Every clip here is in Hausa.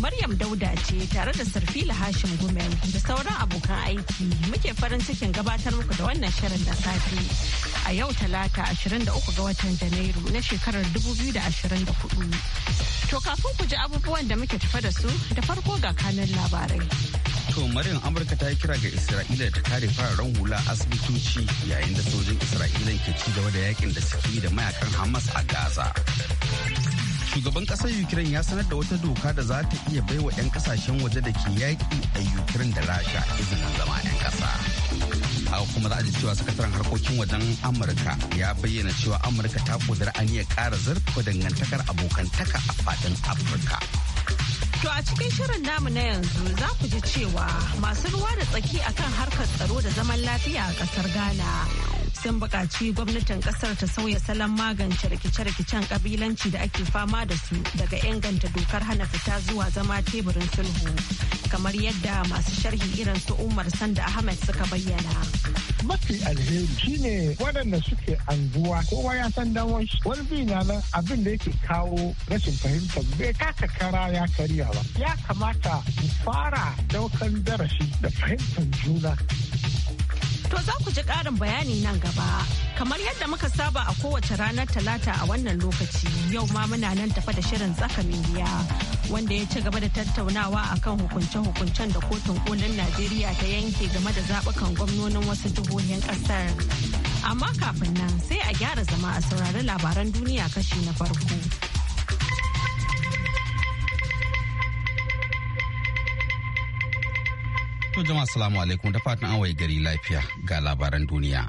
Maryam Dauda ce tare da Sarfila Hashim Gumel da sauran abokan aiki muke farin cikin gabatar muku da wannan shirin da safe a yau talata 23 ga watan Janairu na shekarar 2024. To kafin ku ji abubuwan da muke tafa da su da farko ga kanun labarai. To Maryam Amurka ta yi kira ga Isra'ila ta kare fararen hula asibitoci yayin da sojin Isra'ila ke ci gaba da yakin da suke da mayakan Hamas a Gaza. shugaban kasar ukraine ya sanar da wata doka da za ta iya baiwa 'yan kasashen waje da ke yaƙi a ukraine da rasha izinin zama 'yan ƙasa a kuma za a ji cewa sakataren harkokin wajen amurka ya bayyana cewa amurka ta kudura aniyar ƙara zarfa dangantakar abokantaka a fadin afirka To a cikin shirin namu na yanzu za ku ji cewa masu ruwa da tsaki akan harkar tsaro da zaman lafiya a ƙasar Ghana sun buƙaci gwamnatin ƙasar ta sauya salon magance rikice-rikicen ƙabilanci da ake fama da su daga inganta dokar hana fita zuwa zama teburin sulhu kamar yadda masu sharhi irin su umar sanda ahmed suka bayyana. mafi alheri shine waɗanda suke anguwa kowa ya san damar wani bi na nan abin da yake kawo rashin fahimta bai kaka kara ya karya ba ya kamata mu fara daukan darasi da fahimtar juna To za ku ji ƙarin bayani nan gaba. Kamar yadda muka saba a kowace ranar talata a wannan lokaci yau ma muna nan tafa da shirin tsaka miliya wanda ya ci gaba da tattaunawa a kan hukunce-hukuncen da kotun kolin Najeriya ta yanke game da zaɓukan gwamnonin wasu jihohin ƙasar. Amma kafin nan sai a gyara zama a saurari labaran duniya kashi na farko. To jama'a salamu alaikum da fatan an waye gari lafiya ga labaran duniya.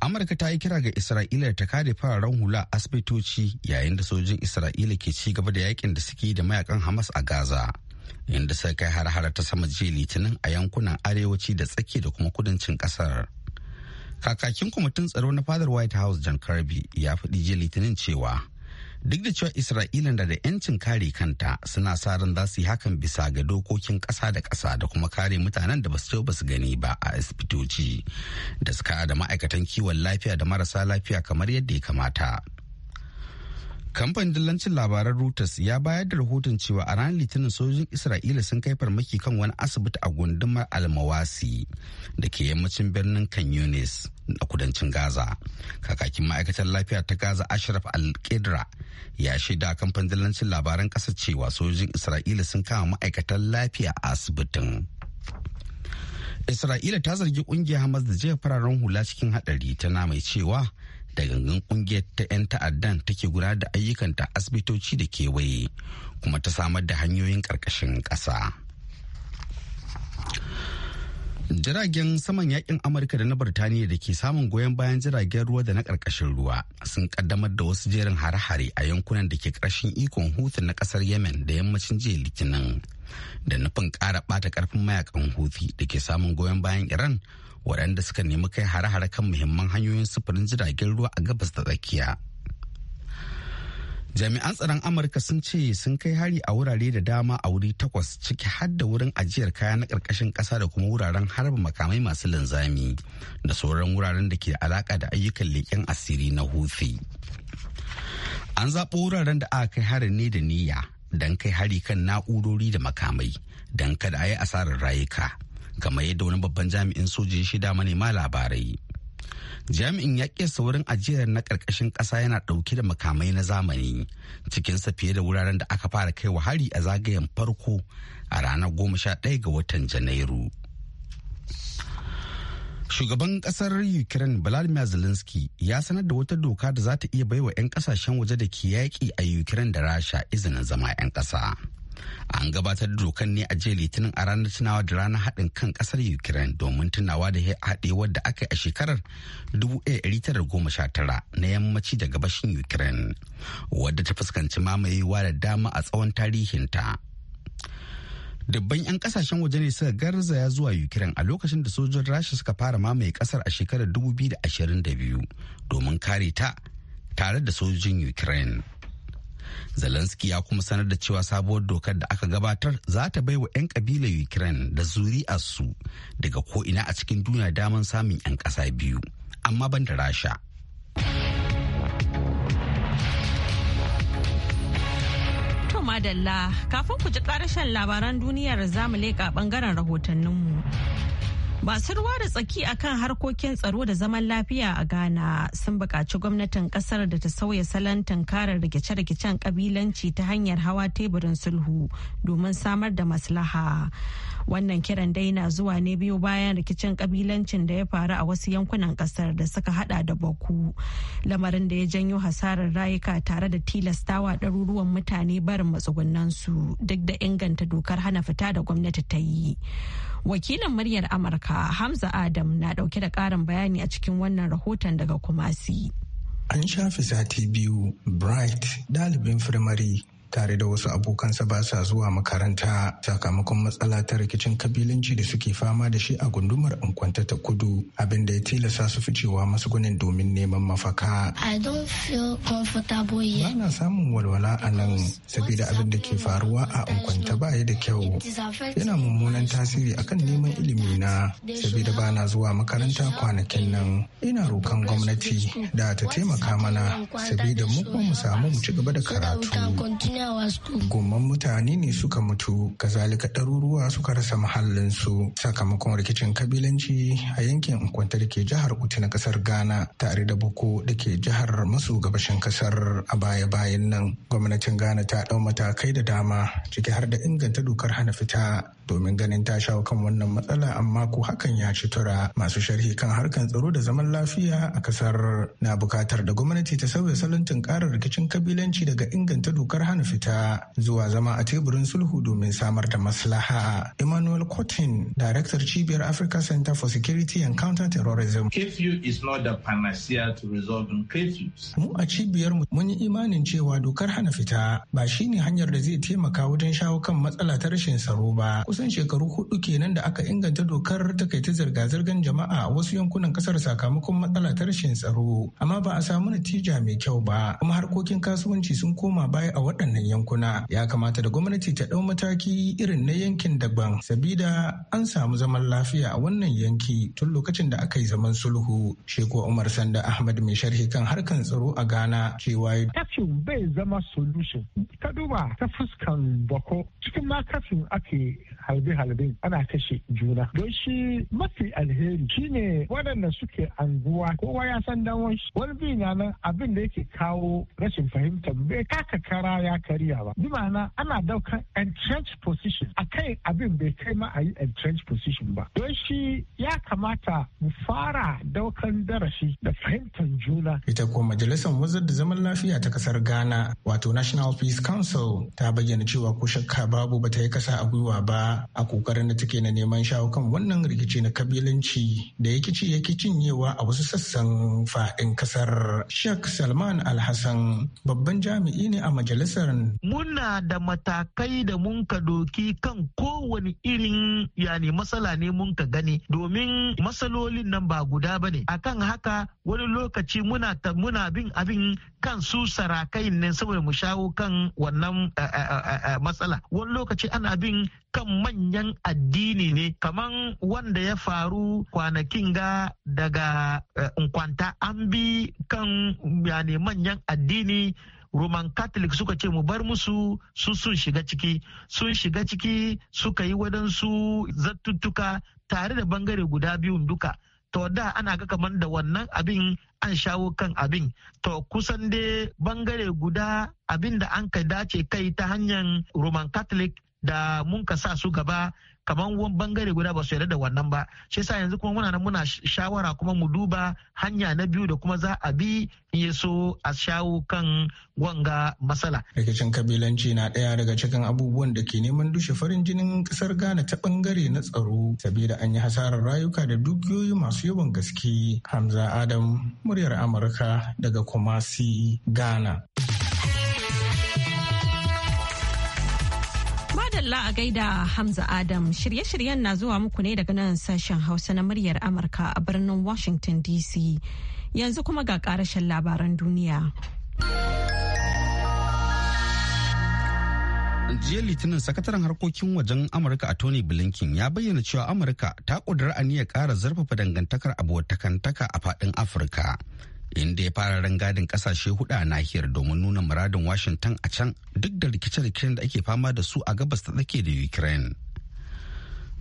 Amurka ta yi kira ga Isra'ila ta kare fararen hula asibitoci yayin da sojin Isra'ila ke ci gaba da yakin da suke da mayakan Hamas a Gaza. Inda suka kai har-hara ta sama jiya litinin a yankunan arewaci da tsaki da kuma kudancin kasar. Kakakin kwamitin tsaro na fadar White House John Kirby ya faɗi jiya litinin cewa duk da cewa isra'ila da da 'yancin kare kanta suna sa ran za su yi hakan bisa ga dokokin ƙasa da ƙasa da kuma kare mutanen da ba su ba su gani ba a asibitoci da suka da ma'aikatan kiwon lafiya da marasa lafiya kamar yadda ya kamata Kamfanin dillancin labaran Reuters ya bayar da rahoton cewa a ranar Litinin sojojin Isra'ila sun kai farmaki kan wani asibiti a gundumar Almawasi da ke yammacin birnin Kan Yunis a kudancin Gaza. Kakakin ma'aikatar lafiya ta Gaza Ashraf Al-Qidra ya shaida kamfanin dillancin labaran ƙasar cewa sojojin Isra'ila sun kama ma'aikatan lafiya a asibitin. Isra'ila ta zargi ƙungiyar Hamas da jefa fararen hula cikin hadari tana mai cewa da gangan kungiyar ta 'yan ta'addan take gudanar da ayyukan ta asibitoci da kewaye kuma ta samar da hanyoyin karkashin kasa. Jiragen saman yakin Amurka da na Birtaniya da ke samun goyon bayan jiragen ruwa da na karkashin ruwa sun kaddamar da wasu jerin hare-hare a yankunan da ke karshen ikon hutu na kasar Yemen da yammacin jiya Litinin da nufin kara bata karfin mayakan hutu da ke samun goyon bayan Iran waɗanda suka nemi kai hare-hare kan muhimman hanyoyin sufurin jiragen ruwa a gabas da tsakiya. Jami'an tsaron Amurka sun ce sun kai hari a wurare da dama a wuri takwas ciki har da wurin ajiyar kaya na ƙarƙashin ƙasa da kuma wuraren harba makamai masu linzami da sauran wuraren da ke alaƙa da ayyukan leƙen asiri na hufi An zaɓo wuraren da aka kai harin ne da niyya don kai hari kan na'urori da makamai don kada a yi asarar rayuka. kamar yadda wani babban jami'in soji shida manema labarai jami'in ya ƙi saurin ajiyar na ƙarƙashin ƙasa yana ɗauke da makamai na zamani cikinsa fiye da wuraren da aka fara kai wa hari a zagayen farko a ranar goma sha ɗaya ga watan janairu shugaban kasar ukraine vladimir zelensky ya sanar da wata doka da za ta iya baiwa 'yan kasashen waje da ke yaƙi a ukraine da rasha izinin zama 'yan ƙasa an gabatar da dokan ne a jiya litinin a ranar tunawa da ranar haɗin kan ƙasar ukraine domin tunawa da haɗewar da aka yi a shekarar 1919 na yammaci da gabashin ukraine wadda ta fuskanci mamayewa da dama a tsawon tarihinta dubban 'yan kasashen waje ne suka garzaya zuwa ukraine a lokacin da sojojin rasha suka fara mamaye kasar a shekarar 2022 domin kare ta tare da sojojin ukraine Zelensky ya kuma sanar da cewa sabuwar dokar da aka gabatar za ta baiwa 'yan kabilar Ukraine da su daga ko'ina a cikin duniya damar samun 'yan ƙasa biyu, amma ban da Rasha. madalla kafin ku ji karashen labaran duniyar zamu leƙa ɓangaren rahotanninmu. Masu ruwa da tsaki a kan harkokin tsaro da zaman lafiya a Ghana sun buƙaci gwamnatin ƙasar da ta sauya salon tunkarar rikice-rikicen ƙabilanci ta hanyar hawa teburin sulhu domin samar da maslaha. Wannan kiran dai na zuwa ne biyu bayan rikicin ƙabilancin da ya faru a wasu yankunan ƙasar da suka hada da Baku. Lamarin da ya janyo hasarar rayuka tare da tilastawa ɗaruruwan mutane barin matsugunansu duk da inganta dokar hana fita da gwamnati ta yi. Wakilin muryar Amurka Hamza Adam na dauke da karin bayani a cikin wannan rahoton daga Kumasi. An shafe sati biyu Bright dalibin firimari tare da wasu abokansa ba sa zuwa makaranta sakamakon matsala ta rikicin kabilanci da suke fama da shi a gundumar unkwanta ta kudu abin da ya tilasta su ficewa masugunin domin neman mafaka. Ba na samun walwala a nan saboda abin da ke faruwa a unkwanta ba da kyau. Yana mummunan tasiri akan neman ilimi na saboda ba na zuwa makaranta kwanakin nan. Ina rokan gwamnati da ta taimaka mana saboda mu kuma mu samu mu ci gaba da karatu. komawa mutane ne suka mutu, kazalika ɗaruruwa suka rasa mahallinsu sakamakon rikicin kabilanci a yankin kwanta da ke jihar Uti na kasar Ghana tare da Boko da ke jihar maso gabashin kasar a baya-bayan nan. Gwamnatin Ghana ta ɗau matakai da dama ciki har da inganta dokar hana fita domin ganin ta shawo kan wannan matsala amma ko hakan ya ci tura masu sharhi kan harkan tsaro da zaman lafiya a kasar na bukatar da gwamnati ta sauya salon tunkarar rikicin kabilanci daga inganta dokar hana fita zuwa zama a teburin sulhu domin samar da maslaha emmanuel cotin director cibiyar africa center for security and counter terrorism is not the to mu a cibiyar mun yi imanin cewa dokar hana fita ba shine hanyar da zai taimaka wajen shawo kan matsala ta rashin tsaro ba kusan shekaru hudu kenan da aka inganta dokar kai ta zirga-zirgar jama'a a wasu yankunan kasar sakamakon matsala ta rashin tsaro amma ba a samu natija mai kyau ba kuma harkokin kasuwanci sun koma baya a waɗannan yankuna ya kamata da gwamnati ta ɗau mataki irin na yankin daban sabida an samu zaman lafiya a wannan yanki tun lokacin da aka yi zaman sulhu sheko umar sanda ahmad mai sharhi kan harkan tsaro a ghana cewa bai zama solution ka duba ta fuskan bako cikin ma kafin ake halbe-halbe ana kashe juna don shi mafi alheri shine waɗanda suke anguwa kowa ya san dan wani bi na nan abin da yake kawo rashin fahimtar bai kaka kara ya karya ba bi ma'ana ana daukan entrenched position a kai abin bai kai ma a yi entrenched position ba don shi ya kamata mu fara daukan darasi da fahimtar juna ita kuma majalisar wazar da zaman lafiya ta kasar ghana wato national peace council ta bayyana cewa ko shakka babu bata yi kasa a gwiwa ba a kokarin da take na neman shawo kan wannan rikici na kabilanci da yake ci yake cinyewa a wasu sassan fadin kasar. Sheikh Salman Alhassan babban jami'i ne a majalisar. Muna da matakai da mun ka doki kan kowane irin yani matsala ne mun ka gani domin matsalolin nan ba guda bane Akan haka wani lokaci muna bin abin kan su sarakai ne saboda mu shawo kan wannan matsala wani lokaci ana bin kan manyan addini ne kaman wanda ya faru kwanakin ga daga eh, nkwanta an bi kan yani manyan addini Roman Catholic suka ce mu bar musu su sun shiga ciki, sun shiga ciki suka yi waɗansu zattuttuka tare da bangare guda biyun duka. to da ana ga kamar da wannan abin an shawo kan abin to kusan dai bangare guda abin da an ka dace kai ta hanyar roman catholic da mun ka sa su gaba kamar wani bangare guda ba su yarda da wannan ba shi sa yanzu kuma muna nan muna shawara kuma mu duba hanya na biyu da kuma za a bi in so a shawo kan wanga masala rikicin kabilanci na ɗaya daga cikin abubuwan da ke neman dushe farin jinin ƙasar Ghana ta bangare na tsaro saboda an yi hasarar rayuka da dukiyoyi masu yawan gaske Hamza Adam muryar Amurka daga Kumasi Ghana talla a gaida Hamza Adam shirye-shiryen na zuwa muku ne daga nan sashen Hausa na muryar Amurka a birnin Washington DC. Yanzu kuma ga karashen labaran duniya. jiya litinin sakataren harkokin wajen amurka a tony blinken ya bayyana cewa amurka ta kudura aniyar kara zarfafa dangantakar abotakantaka a fadin afirka inda ya fara rangadin kasashe hudu a nahiyar domin nuna muradin washington a can duk da rikice-rikicen da ake fama da su a gabas ta tsake da ukraine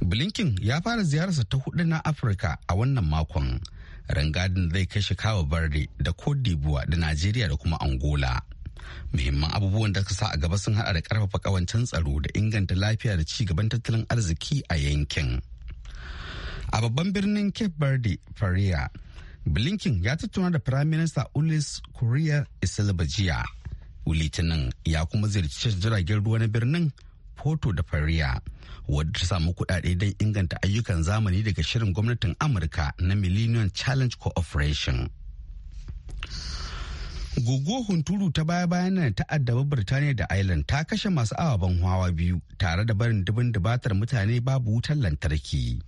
blinken ya fara ziyararsa ta hudu na afirka a wannan makon rangadin zai kai kawo barde da cote d'ivoire da nigeria da kuma angola muhimman abubuwan da sa a gaba sun hada da karfafa kawancin tsaro da inganta lafiya da ci gaban tattalin arziki a yankin a babban birnin cape verde faria Blinken ya tattauna da Prime Minister Ulis Korea Isilba jiya. Litinin ya kuma ziyarci jiragen ruwa na birnin Porto da Faria wadda ta samu kudade don inganta ayyukan zamani daga shirin gwamnatin Amurka na Millennium Challenge Cooperation. Gogo hunturu ta baya-bayan nan ta addaba Birtaniya da Ireland ta kashe masu awa ban hawa biyu tare da barin dubin dubatar mutane babu wutar lantarki.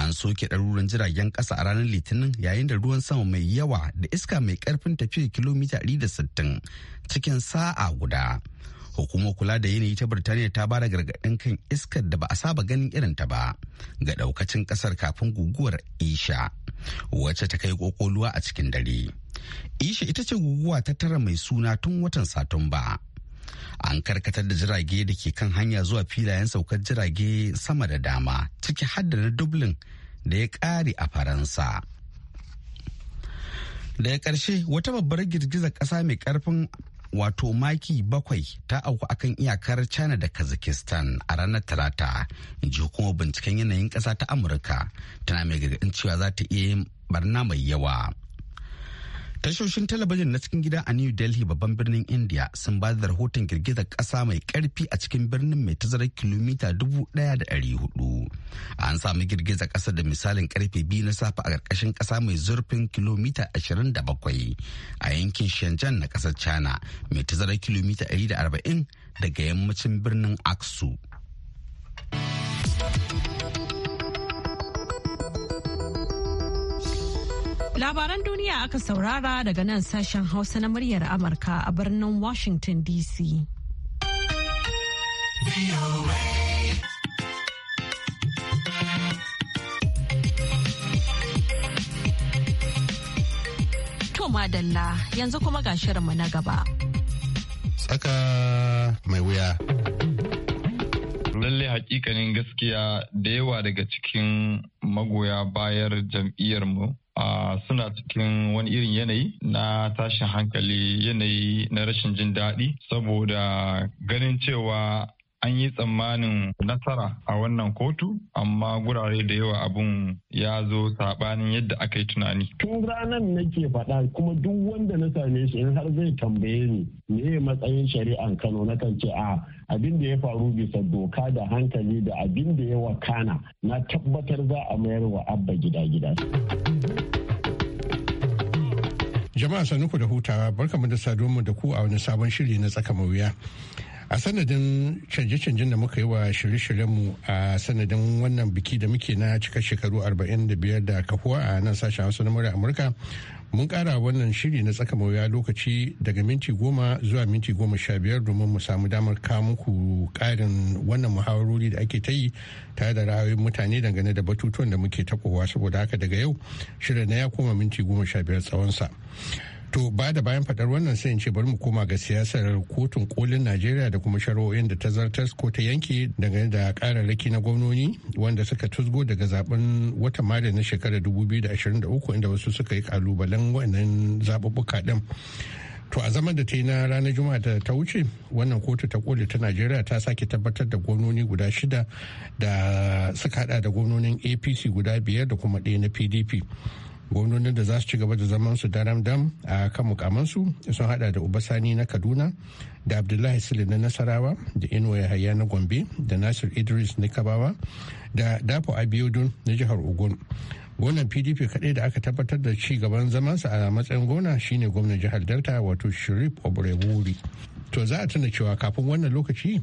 an soke ɗaruran jiragen ƙasa a ranar litinin yayin da ruwan sama mai yawa da iska mai ƙarfin tafiya kilomita 160 cikin sa'a guda hukumar kula da yanayi ta birtaniya ta bada gargaɗin kan iskar da ba a saba ganin irin ta ba ga ɗaukacin ƙasar kafin guguwar isha wacce ta kai kokoluwa a cikin dare isha ita ce guguwa ta tara mai suna tun watan satumba an karkatar da jirage da ke kan hanya zuwa filayen saukar jirage sama da dama ciki hadda na dublin da ya ƙare a faransa daga ƙarshe wata babbar girgizar ƙasa mai karfin wato maki bakwai ta auku akan iyakar china da kazakhstan a ranar talata in ji hukumar binciken yanayin ƙasa ta amurka tana mai gargaɗin cewa za ta iya yin barna mai yawa Tashoshin talabijin na cikin gida a New Delhi babban birnin India sun ba da rahoton girgizar ƙasa mai karfi a cikin birnin mai tazarar kilomita 1,400. An sami girgizar ƙasa da misalin karfe biyu na safe a karkashin ƙasa mai zurfin kilomita 27 a yankin Shenzhen na ƙasar China mai tazarar kilomita 140 daga yammacin birnin Aksu. Labaran duniya aka saurara daga nan sashen Hausa na muryar Amurka a birnin Washington DC. To madalla yanzu kuma ga shirinmu na gaba. Tsaka mai wuya. lallai hakikanin gaskiya da yawa daga cikin magoya bayar jam'iyyarmu a suna cikin wani irin yanayi na tashin hankali yanayi na rashin jin daɗi saboda ganin cewa an yi tsammanin nasara a wannan kotu amma gurare da yawa abun ya zo sabanin yadda aka yi tunani. Tun ranar nake faɗa kuma duk wanda na same shi in har zai tambaye ni me matsayin shari'an Kano na kan ce a abin da ya faru bisa doka da hankali da abin da ya wakana na tabbatar za a mayar wa abba gida gida. Jama'a sanuku da hutawa barkamu da sadonmu da ku a wani sabon shiri na tsaka mawuya. a sanadin canje-canjen da muka yi wa shirye mu a sanadin wannan biki da muke na cika shekaru 45 da kafuwa a nan sashen hausa na amurka mun kara wannan shiri na tsaka mawuya lokaci daga minti goma zuwa minti goma sha biyar domin mu samu damar kawo muku karin wannan muhawarori da ake ta yi tare da ra'ayoyin mutane dangane da batutuwan da muke takowa saboda haka daga yau shirin na ya koma minti goma sha biyar tsawonsa. To ba da bayan faɗar wannan sai in ce bari mu koma ga siyasar kotun kolin Najeriya da kuma shari'o'in da ta zartas ko ta yanke daga da kararraki na gwamnoni wanda suka tusgo daga zaben watan Mare na shekarar 2023 inda wasu suka yi kalubalen wannan zaɓuɓɓuka ɗin. To a zaman da ta yi na ranar Juma'a da ta wuce wannan kotu ta koli ta Najeriya ta sake tabbatar da gwamnoni guda shida da suka hada da gwamnonin APC guda biyar da kuma ɗaya na PDP. gwamnonin da za su ci gaba da zaman su daram dam a kan mukamansu sun hada da ubasani na kaduna da abdullahi sule na nasarawa da inuwa yahaya na gombe da nasir idris na kabawa da dafo abiodun na jihar ogun gonan pdp kadai da aka tabbatar da ci gaban zamansa a matsayin gona shine gwamnan jihar delta wato shirif obrewuri to za a tuna cewa kafin wannan lokaci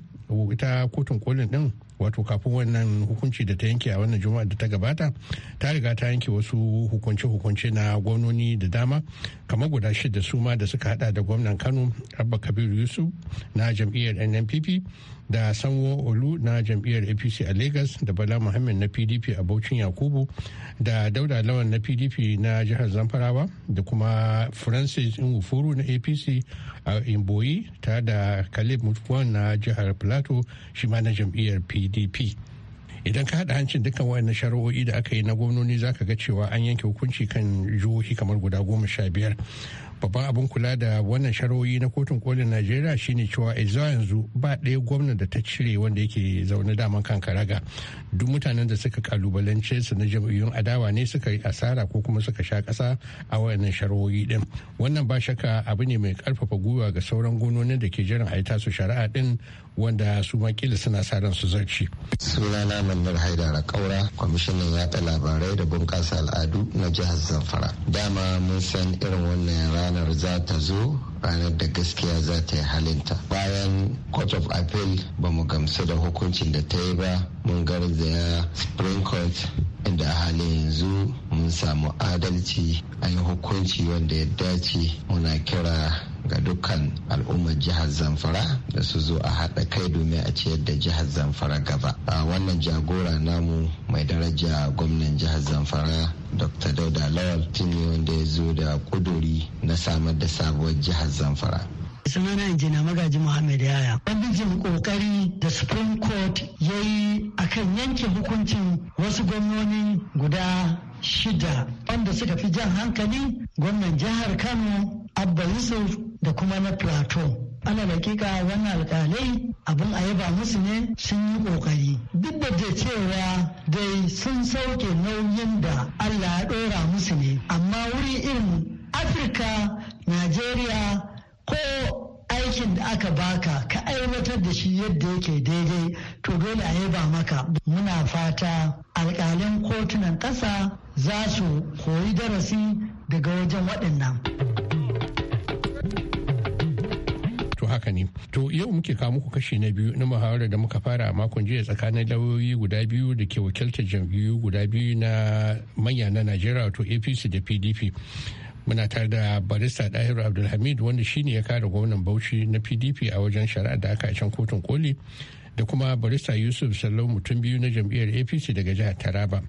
ita kotun kolin din wato kafin wannan hukunci da ta yanke a wannan juma'a da ta gabata ta riga ta yanke wasu hukunce-hukunce na gwamnoni da dama kamar guda shida su ma da suka hada da gwamnan kano abba kabiru yusuf na jam'iyyar nnpp da sanwo olu na jam'iyyar apc a lagos da bala muhammad na pdp a bauchin yakubu da dauda lawan na pdp na jihar zamfarawa da kuma francis nwufuru na apc a imboyi ta da caleb mutuwan na jihar plato shi ma na jam'iyyar pdp idan ka haɗa hancin dukkan wayannan shari'o'i da aka yi na gwamnoni za ka ga cewa an yanke hukunci kan jihohi kamar guda goma sha biyar babban abin kula da wannan sharoyi na kotun kolin najeriya shine cewa zuwa yanzu ba ɗaya gwamnan da ta cire wanda yake zaune daman kan karaga duk mutanen da suka kalubalance su na jam'iyyun adawa ne suka yi asara ko kuma suka sha ƙasa a wayannan sharoyi din wannan ba shakka abu ne mai karfafa gwiwa ga sauran gononin da ke jiran a yi tasu shari'a ɗin wanda su makila suna sa ran su zarci. sunana manar haidara kaura kwamishinan yaɗa labarai da bunƙasa al'adu na jihar zamfara dama mun san irin wannan yara ranar za ta zo ranar da gaskiya za ta yi halinta bayan court of appeal ba mu gamsu da hukuncin da ta yi ba mun garzaya spring court inda a halin yanzu mun samu adalci a yi hukunci wanda ya dace muna kira ga dukkan al'ummar jihar zamfara da su zo a haɗa kai domin a ciyar da jihar zamfara gaba a wannan jagora namu mai daraja gwamnan jihar zamfara dr dauda lawal shine wanda ya zo da kuduri na samar da sabuwar jihar zamfara sunana injina magaji muhammad yaya jin kokari da supreme court ya yi kan yanke hukuncin wasu gwamnoni guda shida wanda suka fi jan hankali gwamnan jihar kano abba yusuf da kuma na plateau ana dakika wannan alkalai abin a yaba musu ne sun yi kokari duk da da cewa dai sun sauke nauyin da allah ya dora musu ne amma wuri irin afirka najeriya ko aikin da aka baka ka aiwatar da shi yadda yake daidai to dole a yaba maka muna fata alkalin kotunan ƙasa za su koyi darasi daga wajen waɗannan. haka ne to yau muke kawo muku kashi na biyu na muhawara da muka fara a makon jiya tsakanin lauyoyi guda biyu da ke wakiltar jam'iyyu guda biyu na manya na najeriya to apc da pdp muna tare da barista dahiru abdulhamid wanda shine ya kare gwamnan bauchi na pdp a wajen shari'a da aka can kotun koli da kuma barista yusuf sallau mutum biyu na jam'iyyar apc daga jihar taraba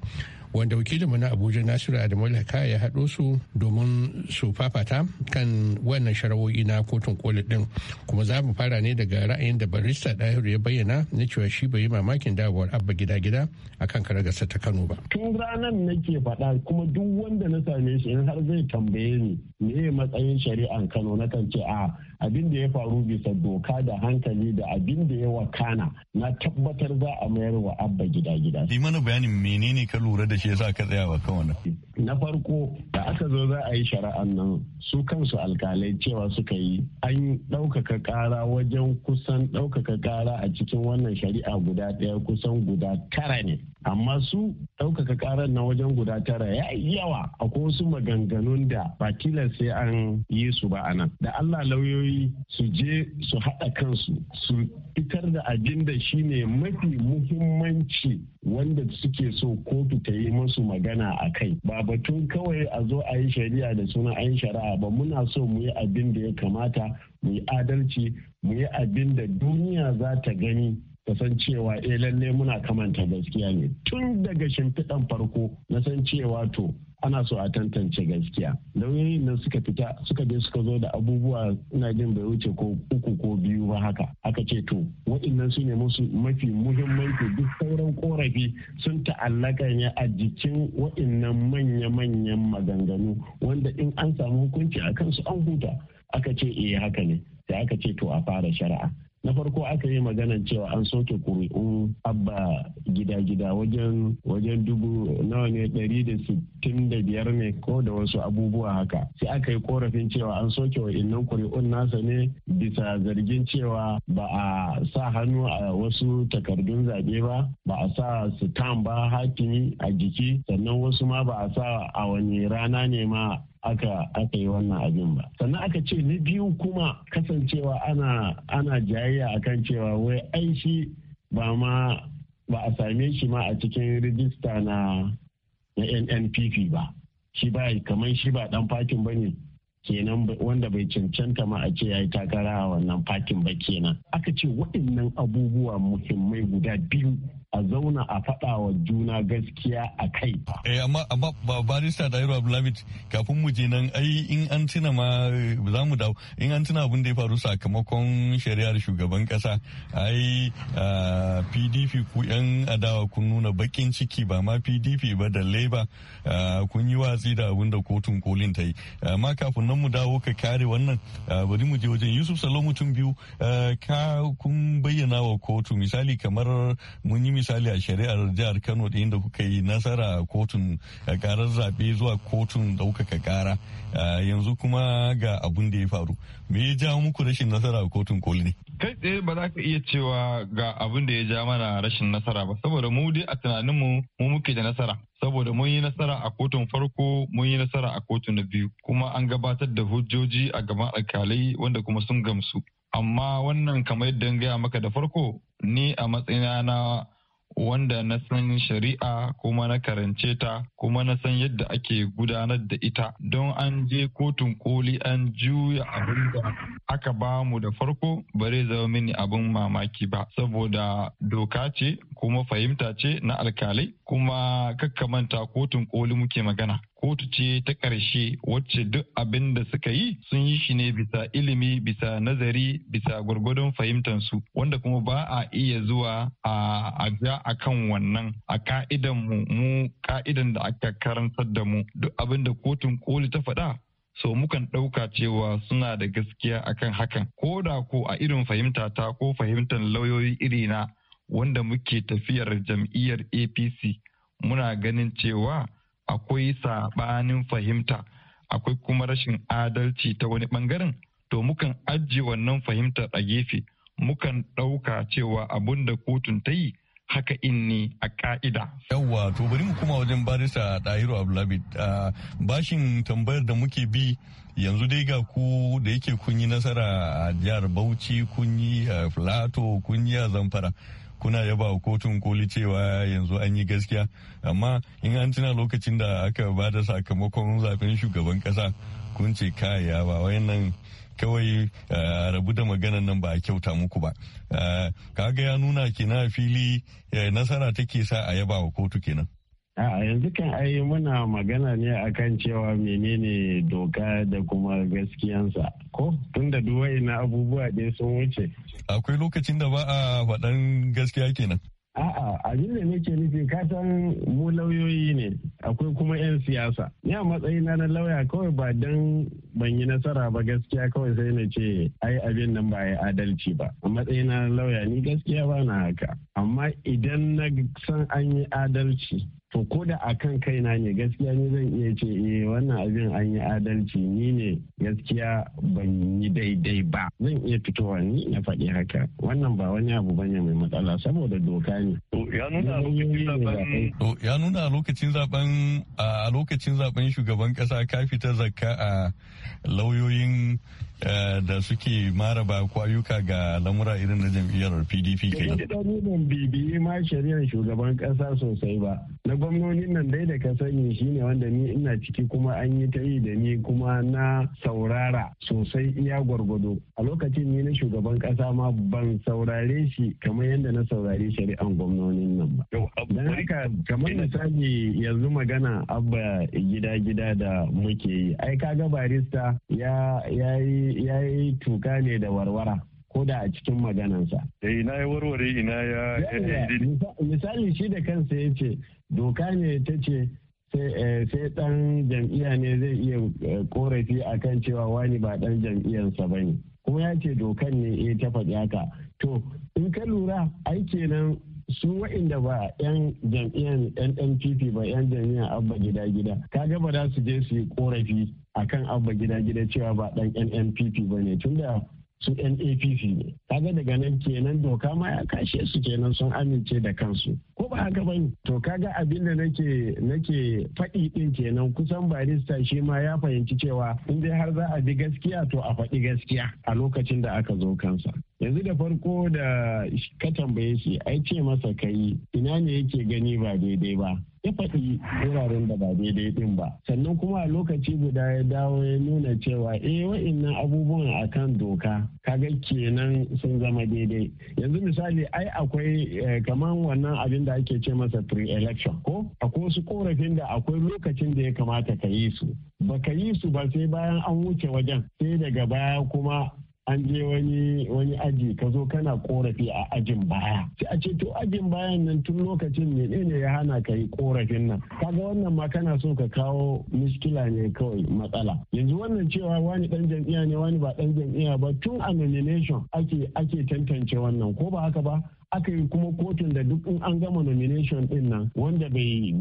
wanda wakilinmu na abuja nasiru adamu laka ya haɗo su domin su fafata kan wannan sharawoyi na kotun koli ɗin kuma za mu fara ne daga ra'ayin da barista ɗahiru ya bayyana na cewa shi bai yi mamakin dawowar abba gida gida akan karagarsa ta kano ba tun ranar nake faɗa kuma duk wanda na same shi in har zai tambaye ni me matsayin shari'an kano na kan ce a abin da ya faru bisa doka da hankali da abin da ya wakana na tabbatar za a mayar wa abba gida gida. Yi mana bayanin menene ka lura da shi yasa ka tsaya ba kan na farko da aka zo za a yi shari'an nan su kansu alkalai cewa suka yi an ɗaukaka ƙara wajen kusan ɗaukaka ƙara a cikin wannan shari'a guda ɗaya kusan guda tara ne amma su ɗaukaka ƙarar na wajen guda tara ya yi yawa akwai wasu maganganun da ba tilas sai an yi su ba a nan da allah lauyoyi su je su haɗa kansu su fitar da abin da shine mafi muhimmanci wanda suke so kotu ta yi yi musu magana a kai ba batun kawai a zo a yi shari'a da suna an shari'a ba muna so mu yi abin da ya kamata mu yi adalci mu yi abin da duniya za ta gani ta san cewa eh lalle muna kamanta gaskiya ne tun daga shimfiɗan farko na san cewa to ana so a tantance gaskiya lauyoyin nan suka fita suka je suka zo da abubuwa ina jin bai wuce ko uku ko biyu ba haka aka ce to waɗannan su ne musu mafi muhimmanci duk sauran korafi sun ta'allaka ne a jikin waɗannan manya-manyan maganganu wanda in an samu hukunci a kansu an huta aka ce eh haka ne sai aka ce to a fara shari'a na farko aka yi maganan cewa an soke kuri'u abba gida-gida wajen wajen dubu nawa ne ɗari da sittin da biyar ne ko da wasu abubuwa haka sai aka yi korafin cewa an soke wa innan kuri'un nasa ne bisa zargin cewa ba a sa hannu a wasu takardun zaɓe ba ba a sa sitam ba hakimi a jiki sannan wasu ma ba a sa a wani rana ne ma aka aka yi wannan abin ba sannan aka ce na biyu kuma kasancewa ana ana jayayya akan cewa wai ai shi ba ma ba a same shi ma a cikin rijista na na nnpp ba shi ba kamar shi ba dan fakin ba ne kenan wanda bai cancanta ma a ce ya yi takara a wannan fakin ba kenan aka ce waɗannan abubuwa muhimmai guda biyu a zauna a faɗa wa juna gaskiya a kai. Eh amma amma barista da Dairu Abdulhamid kafin mu je nan ai in an tuna ma za mu dawo in an tuna abin da ya faru sakamakon shari'ar shugaban kasa ai PDP ku yan adawa kun nuna bakin ciki ba ma PDP ba da Labour kun yi watsi da abin da kotun kolin ta yi amma kafin nan mu dawo ka kare wannan bari mu je wajen Yusuf Salo mutum biyu ka kun bayyana wa kotu misali kamar mun yi misali a shari'ar jihar kano da inda kuka yi nasara a kotun karar zaɓe zuwa kotun ɗaukaka kara yanzu kuma ga abun da ya faru me ya jawo muku rashin nasara a kotun koli ne kai tsaye ba za ka iya cewa ga abin da ya ja mana rashin nasara ba saboda mu dai a tunaninmu mu muke da nasara saboda mun yi nasara a kotun farko mun yi nasara a kotun na biyu kuma an gabatar da hujjoji a gaban alkalai wanda kuma sun gamsu amma wannan kamar yadda gaya maka da farko ni a matsayina na wanda na san shari'a kuma na karance ta kuma na san yadda ake gudanar da ita don an je kotun koli an juya abin da aka ba mu da farko bare zama mini abin mamaki ba saboda doka ce kuma fahimta ce na alkalai kuma manta kotun koli muke magana kotu ce ta ƙarshe wacce duk abin da suka yi sun yi shi ne bisa ilimi bisa nazari bisa gwargwadon fahimtansu wanda kuma ba a iya zuwa a ja a kan wannan a ka'idan mu mu ka'idan da aka karantar da mu duk abin da kotun koli ta faɗa so mukan ɗauka cewa suna da gaskiya akan hakan ko da ko a irin fahimta ta ko fahimtar lauyoyi irina wanda muke tafiyar jam'iyyar apc muna ganin cewa akwai saɓanin fahimta akwai kuma rashin adalci ta wani ɓangaren to mukan ajiye wannan fahimtar a gefe mukan ɗauka cewa abun da kotun ta yi haka in ne a ka'ida. Yawwa, to bari mu kuma wajen barisa Ɗahiru Abdulhamid. Ah, bashin tambayar da muke bi yanzu dai ga ku da yake kun yi nasara a jihar bauchi kun yi a plato kun yi a zamfara kuna yaba kotun koli cewa yanzu an yi gaskiya amma in an tuna lokacin da aka ba da sakamakon zafin shugaban kasa kun ce kaya ba wayannan kawai rabu da maganan nan ba a kyauta muku ba kaga ya nuna kina fili nasara take sa a yaba wa kotu kenan A yanzu kan ai muna magana ne akan cewa menene doka da kuma gaskiyansa ko tunda duwa ina abubuwa dai sun wuce. Akwai lokacin da ba a faɗan gaskiya kenan. A'a abin da nake nufi kasan mu lauyoyi ne akwai kuma 'yan siyasa. Ni a matsayina na lauya kawai ba dan ban yi nasara ba gaskiya kawai sai na ce ai abin nan ba ya adalci ba. A matsayina na lauya ni gaskiya ba na haka. Amma idan na san an yi adalci to ko da a kan kaina ne gaskiya ne zan iya ce eh wannan abin an yi adalci ni ne gaskiya ban yi daidai ba zan iya fitowa ni na faɗi haka wannan ba wani abu bane mai matsala saboda doka ne ya nuna a lokacin zaben a lokacin zaben shugaban kasa ka fita zakka a lauyoyin Eh, da suke maraba kwayuka ga lamura irin na jam'iyyar PDP ke nan. da ban bibiyi ma shari'ar shugaban kasa sosai ba. Na gwamnonin nan dai da ka sani shine wanda ni ina ciki kuma an yi ta yi da ni kuma na saurara sosai iya gwargwado. A lokacin ni na shugaban kasa ma ban saurare shi kamar yadda na saurare shari'an gwamnonin nan ba. Don haka kamar misali yanzu magana abba gida-gida da muke yi. Ai ka ga barista ya yi ya yi tuka ne da warwara ko da a cikin maganansa. ina eh, ya warware ina ya eh, eh, misali shi da kansa ya ce doka ne ta ce sai dan jam'iyya ne zai iya korafi kan cewa wani ba dan jam'iyyarsa ba ne kuma ya ce dokan ne ya ta faɗi haka to in ka lura ai kenan su waɗanda ba 'yan jam'iyyar NNPP ba 'yan jam'iyyar abba gida gida kaga ba za su je su yi korafi akan abba gida gida cewa ba dan NNPP ba ne tunda su NAPP ne. Kaga daga nan kenan doka ma ya kashe su kenan sun amince da kansu. Ko ba haka bane? To kaga abin da nake nake faɗi ɗin kenan kusan barista shi ma ya fahimci cewa in dai har za a bi gaskiya to a faɗi gaskiya a lokacin da aka zo kansa. Yanzu da farko da ka tambaye shi ai ce masa kai ina ne yake gani ba daidai ba. ya faɗi wuraren da ba daidai din ba sannan kuma a lokaci guda ya dawo ya nuna cewa eh wa'annan abubuwan a kan doka kaga kenan sun zama daidai yanzu misali ai akwai eh, kamar wannan abin da ake ce masa pre-election ko akwai wasu korafin da akwai lokacin da ya kamata ka yi su baka yi su ba sai bayan an wuce wajen sai daga baya kuma an je wani wani aji ka zo kana korafi a ajin baya sai a ce to ajin bayan nan tun lokacin ne ne ya hana ka yi korafin nan kaga wannan ma kana so ka kawo miskila ne kawai matsala yanzu wannan cewa wani dan jam'iyya ne wani ba dan jam'iyya ba tun a nomination ake ake tantance wannan ko ba haka ba aka yi kuma kotun da duk in an gama nomination din nan wanda bai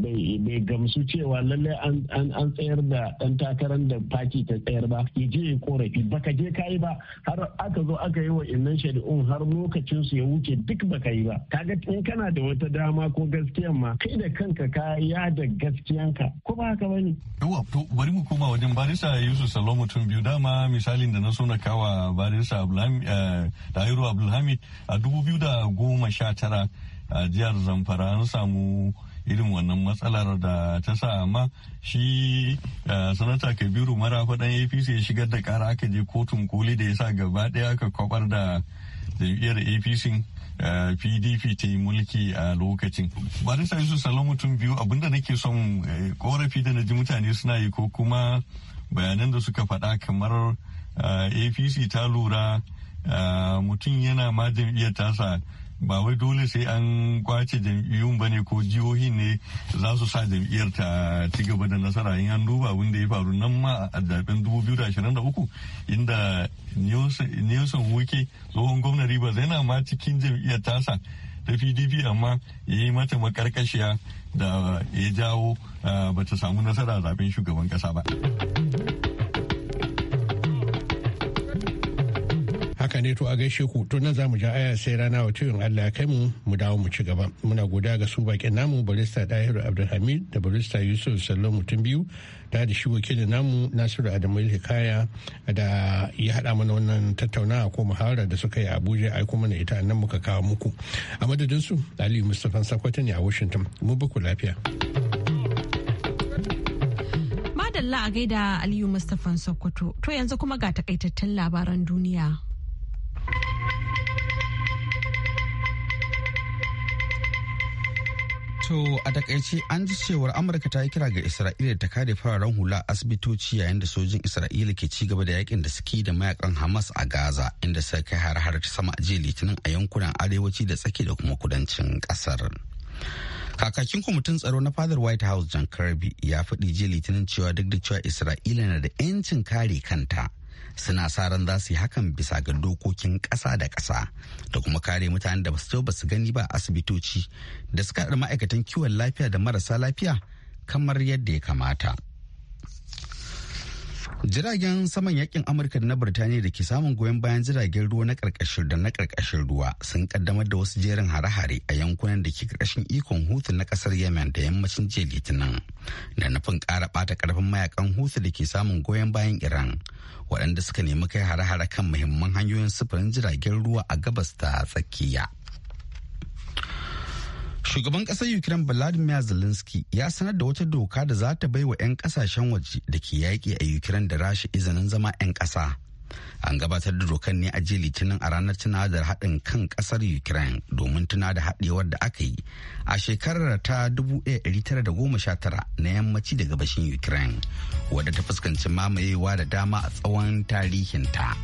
gamsu cewa lallai an tsayar da dan takarar da faki ta tsayar ba ya je ya korafi baka je kayi ba har aka zo aka yi wa innan shari'un har lokacin su ya wuce duk baka yi ba kaga in kana da wata dama ko gaskiyan ma kai da kanka ka ya da gaskiyanka ko ba haka bane yawa to bari mu koma wajen barisa Yusuf Salo mutum biyu dama misalin da na so na kawa barisa Abdulhamid eh, Abdulhamid a dubu biyu da goma goma sha tara a jihar zamfara an samu irin wannan matsalar da ta sa amma shi eh, sanata kabiru marafa apc ya shigar da kara aka je kotun koli da ya sa gaba ɗaya aka kwabar da jam'iyyar apc pdp eh, ta yi mulki a lokacin bari su salon mutum biyu abinda nake son korafi eh, da na ji mutane suna yi ko kuma bayanan da suka faɗa kamar apc ta lura mutum yana ma jam'iyyar tasa ba wai dole sai an kwace jam'iyyun ba ne ko jihohin ne za su sa jam'iyyar ta ci gaba da nasara in an duba abin da ya faru nan ma a zaben 2023 inda Nelson Wuke tsohon gwamnan riba zai ma cikin jam'iyyar tasa ta PDP amma ya yi mata makarkashiya da ya jawo ah, ba ta samu nasara zaben shugaban ƙasa ba. haka ne to a gaishe ku to nan zamu ja aya sai rana wa tiyon Allah ya kai mu mu dawo mu ci gaba muna goda ga su bakin namu barista Dahiru Abdulhamid da barista Yusuf sallon mutum biyu da da shi wakilin namu Nasiru Adamu Hikaya da ya hada mana wannan tattaunawa ko muhawara da suka yi a Abuja ai kuma ne ita nan muka kawo muku a madadin su Ali Mustafa Sakwata ne a Washington mu ku lafiya Madalla a gaida Aliyu Mustapha Sokoto to yanzu kuma ga takaitattun labaran duniya. To a takaice an ji cewar Amurka ta yi kira ga Isra'ila ta kare fararen hula asibitoci yayin da sojin Isra'ila ke ci gaba da yakin da suke da mayakan Hamas a Gaza inda suka kai har-har sama a jiya Litinin a yankunan arewaci da tsaki da kuma kudancin kasar. Kakakin kwamitin tsaro na fadar White House John Kirby ya faɗi jiya Litinin cewa duk da cewa Isra'ila na da 'yancin kare kanta suna sa ran za su yi hakan bisa ga dokokin ƙasa da ƙasa da kuma kare mutanen da basu ba su gani ba asibitoci da suka ma'aikatan kiwon lafiya da marasa lafiya kamar yadda ya kamata. Jiragen saman yakin Amurka da na Birtaniya da ke samun goyon bayan jiragen ruwa na karkashin da na karkashin ruwa sun kaddamar da wasu jerin hare-hare a yankunan da ke karkashin ikon Hutu na kasar Yemen da yammacin jiya Litinin da nufin ƙara ɓata karfin mayakan Hutu da ke samun goyon bayan Iran waɗanda suka nemi kai hare-hare kan muhimman hanyoyin sufurin jiragen ruwa a gabas ta tsakiya. Shugaban ƙasar Ukraine Vladimir Zelensky ya sanar da wata doka da za ta bai wa 'yan ƙasashen waje da ke yaƙi a Ukraine da rasha izinin zama 'yan ƙasa. An gabatar da dokar ne a jiya Litinin a ranar tunadar haɗin kan ƙasar Ukraine domin tuna da haɗewar da aka yi a shekarar ta 1919 na yammaci da gabashin Ukraine wadda ta fuskanci mamayewa da dama a tsawon tarihinta.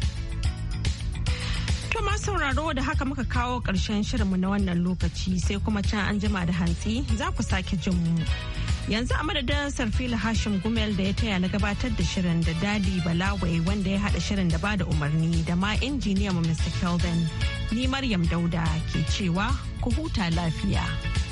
To ma sauraro da haka muka kawo ƙarshen shirinmu na wannan lokaci sai kuma can an jima da hantsi za ku sake jin mu. Yanzu a madadin Sarfila Hashim Gumel da ya taya na gabatar da shirin da Dadi Balawai wanda ya haɗa shirin da bada umarni da ma injiniyan Mr. Kelvin. Ni Maryam Dauda ke cewa ku huta lafiya.